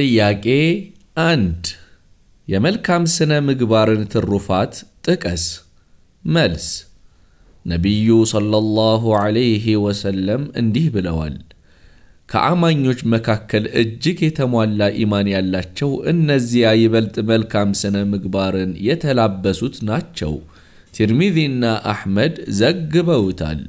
ጥያቄ አንድ የመልካም ስነ ምግባርን ትሩፋት ጥቀስ። መልስ ነቢዩ ሰለላሁ ዐለይሂ ወሰለም እንዲህ ብለዋል፣ ከአማኞች መካከል እጅግ የተሟላ ኢማን ያላቸው እነዚያ ይበልጥ መልካም ስነ ምግባርን የተላበሱት ናቸው። ትርሚዚና አሕመድ ዘግበውታል።